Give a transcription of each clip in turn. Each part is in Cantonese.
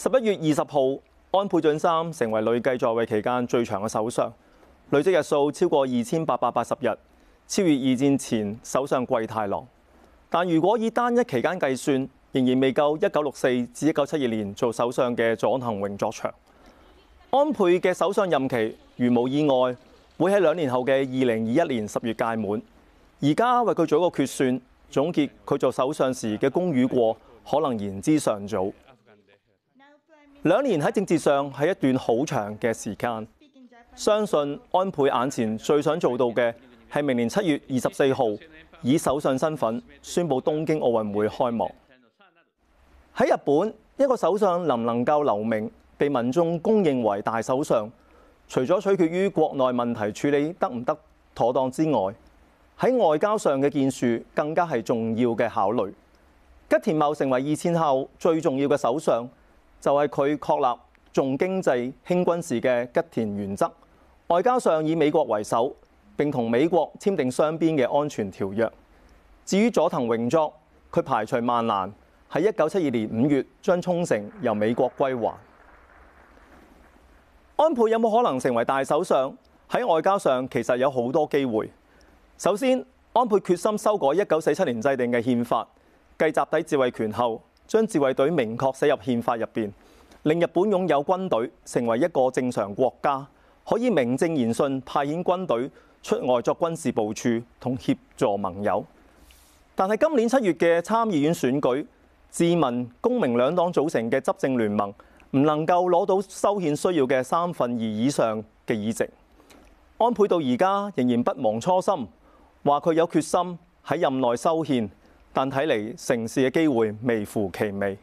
十一月二十號，安倍晉三成為累計在位期間最長嘅首相，累積日數超過二千八百八十日，超越二戰前首相桂太郎。但如果以單一期間計算，仍然未夠一九六四至一九七二年做首相嘅左藤榮作長。安倍嘅首相任期，如無意外，會喺兩年後嘅二零二一年十月屆滿。而家為佢做一個決算，總結佢做首相時嘅功與過，可能言之尚早。兩年喺政治上係一段好長嘅時間，相信安倍眼前最想做到嘅係明年七月二十四號以首相身份宣布東京奧運會開幕。喺日本，一個首相能唔能夠留名，被民眾公認為大首相，除咗取決於國內問題處理得唔得妥當之外，喺外交上嘅建樹更加係重要嘅考慮。吉田茂成為二戰後最重要嘅首相。就係佢確立重經濟輕軍事嘅吉田原則，外交上以美國為首，並同美國簽訂雙邊嘅安全條約。至於佐藤榮作，佢排除萬難，喺一九七二年五月將沖繩由美國歸還。安倍有冇可能成為大首相？喺外交上其實有好多機會。首先，安倍決心修改一九四七年制定嘅憲法，繼集體自衛權後。將自衛隊明確寫入憲法入邊，令日本擁有軍隊成為一個正常國家，可以名正言順派遣軍隊出外作軍事部署同協助盟友。但係今年七月嘅參議院選舉，自民、公明兩黨組成嘅執政聯盟唔能夠攞到修憲需要嘅三分二以上嘅議席。安倍到而家仍然不忘初心，話佢有決心喺任內修憲。但睇嚟成事嘅機會微乎其微。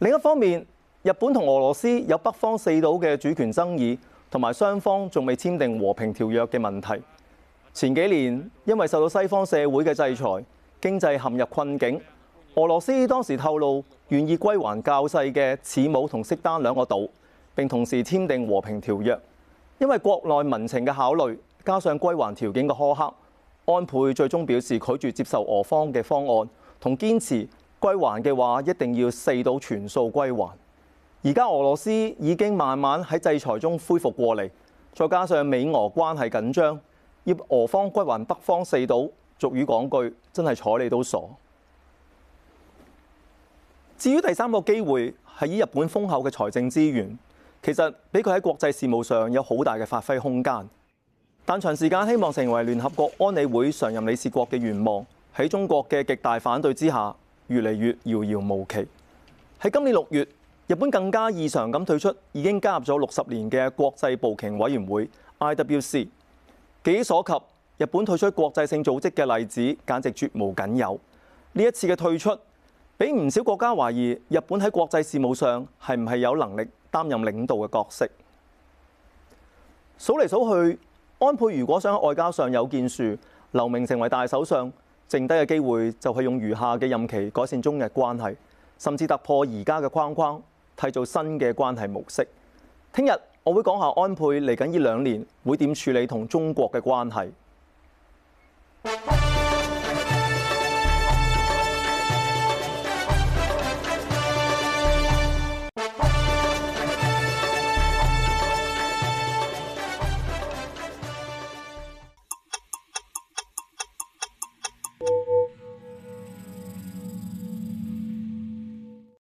另一方面，日本同俄羅斯有北方四島嘅主權爭議，同埋雙方仲未簽訂和平條約嘅問題。前幾年因為受到西方社會嘅制裁，經濟陷入困境，俄羅斯當時透露願意歸還較細嘅齒舞同色丹兩個島，並同時簽訂和平條約。因為國內民情嘅考慮，加上歸還條件嘅苛刻。安倍最終表示拒絕接受俄方嘅方案，同堅持歸還嘅話一定要四島全數歸還。而家俄羅斯已經慢慢喺制裁中恢復過嚟，再加上美俄關係緊張，要俄方歸還北方四島，俗語講句，真係睬你都傻。至於第三個機會係以日本豐厚嘅財政資源，其實俾佢喺國際事務上有好大嘅發揮空間。但長時間希望成為聯合國安理會常任理事國嘅願望，喺中國嘅極大反對之下，越嚟越遙遙無期。喺今年六月，日本更加異常咁退出已經加入咗六十年嘅國際捕鯨委員會 （IWC）。記憶所及，日本退出國際性組織嘅例子，簡直絕無僅有。呢一次嘅退出，俾唔少國家懷疑日本喺國際事務上係唔係有能力擔任領導嘅角色。數嚟數去。安倍如果想外交上有建樹，留名成為大首相，剩低嘅機會就係用餘下嘅任期改善中日關係，甚至突破而家嘅框框，締造新嘅關係模式。聽日我會講下安倍嚟緊呢兩年會點處理同中國嘅關係。